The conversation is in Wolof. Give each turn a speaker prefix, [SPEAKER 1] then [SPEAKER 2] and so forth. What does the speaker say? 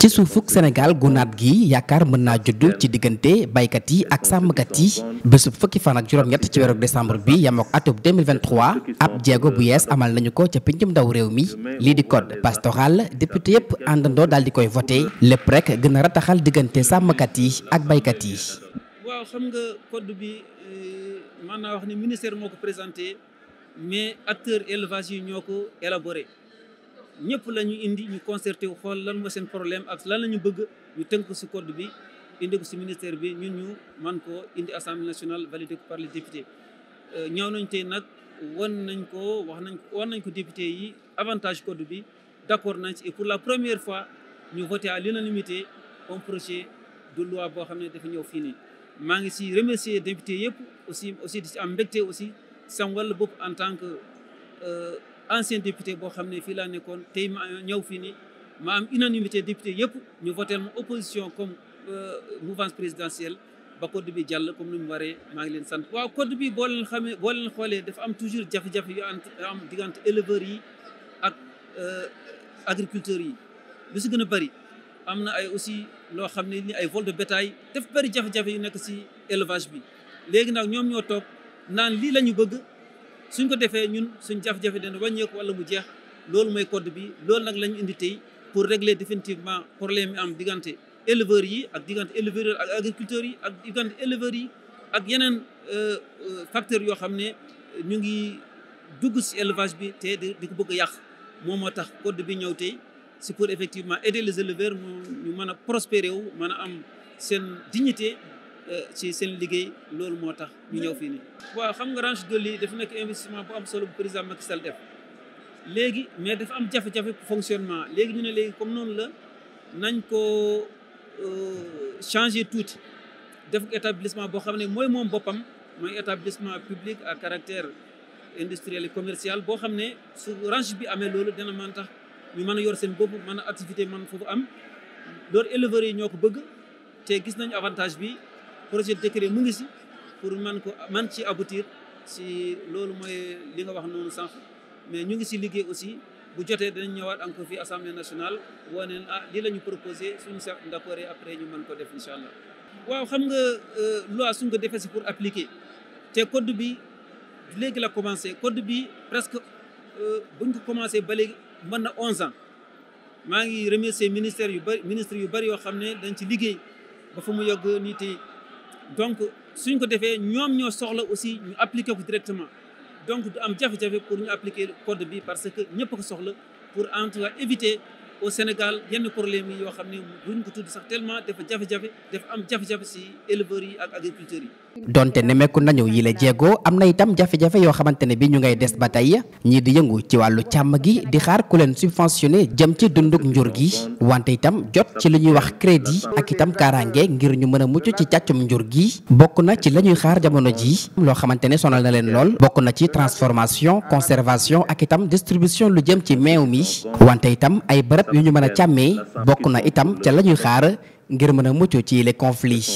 [SPEAKER 1] ci suufuk Sénégal gunaat gi yaakaar mën naa judd ci diggante baykat yi ak sàmmkat yi bésub fukki fan ak juróom-ñett ci weeru décembre bi yamook atub 2023 ab jéego bu yees amal nañu ko ca pincum ndaw réew mi lii di code pastoral député yëpp àndandoo daal di koy voté lépp rek gën a rataxal diggante sàmmkat yi ak baykat yi.
[SPEAKER 2] mais acteur élevage yi ñoo ko élaboré ñëpp la ñu indi ñu concerté wu xool lan moo seen problème ak lan la ñu bëgg ñu tënk ko si code bi indi ko si ministère bi ñun ñu man ko indi assemblée nationale validé ko par les députés euh, ñaaw nañ tey nag wan nañ ko wax nañ ko wan nañ ko député yi avantage code bi d' accord nañ ci et pour la première fois ñu voté à l'unanimité un projet de loi boo xam ne dafa ñëw fii nii maa ngi si remercier député yëpp aussi aussi di si am mbégte aussi sam wàllu bopp en tant que euh, ancien député boo xam ne fii laa nekkoon tey ma ñëw fii nii ma am unanimité député yëpp ñu votel ma opposition comme euh, mouvance présidentielle ba code bi jàll comme ni mu waree maa ngi leen sant waaw code bi boo leen xamee boo leen xoolee dafa am toujours jafe-jafe yu am diggante éleveurs yi ak euh, agriculteurs yi lu si gën a bëri am na ay aussi loo xam ne ni ay vol de bétail daf bëri jafe-jafe yu nekk si élevage bi léegi nag ñoom ñoo toog naan lii la ñu bëgg suñ ko defee ñun suñ jafe-jafe dana wàññeeku wala mu jeex loolu mooy code bi loolu nag la ñu indi tey pour régler définitivement problème yi am diggante éleveurs yi ak diggante éleveurs yi agriculteurs yi ak diggante éleveurs yi ak yeneen euh, facteurs yoo xam ne ñu ngi dugg si élevage bi te di ko bëgg a yàq moom moo tax code bi ñëw tey si pour effectivement aider les éleveurs mu ñu mën a prospérer wu mën a am seen dignité Euh, ci seen liggéey loolu moo tax ñu ñëw fii nii. waaw xam nga Ranch lii dafa nekk investissement bu am solo bu président Macky Sall def léegi mais dafa am jafe-jafe fonctionnement léegi ñu ne léegi comme noonu la nañ ko euh, changer tuuti def boo xam ne mooy moom boppam mooy établissement public à caractère industriel et commercial boo xam ne su Ranch bi amee loolu dina mën tax ñu mën a yor seen bopp mën a activité man foofu am loolu éleveurs yi ñoo ko bëgg te gis nañu avantage bi. projet de décret mu ngi si pour man ko man ci aboutir si loolu mooy li nga wax noonu sànq mais ñu ngi si liggéey aussi bu jotee danañ ñëwaat encore fii assemblée nationale woo neen ah lii la ñu proposé suñu sax d'accord après ñu mën ko def incha allah. waaw xam nga euh, loi suñ ko defee si pour appliquer te code bi léegi la commencé code bi presque euh, buñ ko commencé ba léegi mën na 11 ans maa ngi remercier ministère yu bari ministre yu bari yoo xam ne dañ ci liggéey ba fa mu yegg nii tey. donc suñ ko defee ñoom ñoo soxla aussi ñu appliquer ko directement donc du am jafe-jafe pour ñu appliquer code bi parce que ñëpp ko soxla pour en a cas éviter au Sénégal yenn ne duñ ko tudd
[SPEAKER 1] donte nemmeeku nañu yi la jéego am na itam jafe-jafe yoo xamante ne bi ñu ngay des ba tey ñii di yëngu ci wàllu càmm gi di xaar ku leen subventionné jëm ci dunduk njur gi wante itam jot ci li ñuy wax crédit ak itam kaaraange ngir ñu mën a mucc ci càccum njur gi bokk na ci la ñuy xaar jamono ji loo xamante ne sonal leen lool bokk na ci transformation conservation ak itam distribution lu jëm ci meew mi wante itam ay bërëb barab ñu mën a càmmee bokk na itam ca la ñuy xaar ngir mën a mucc ci les conflits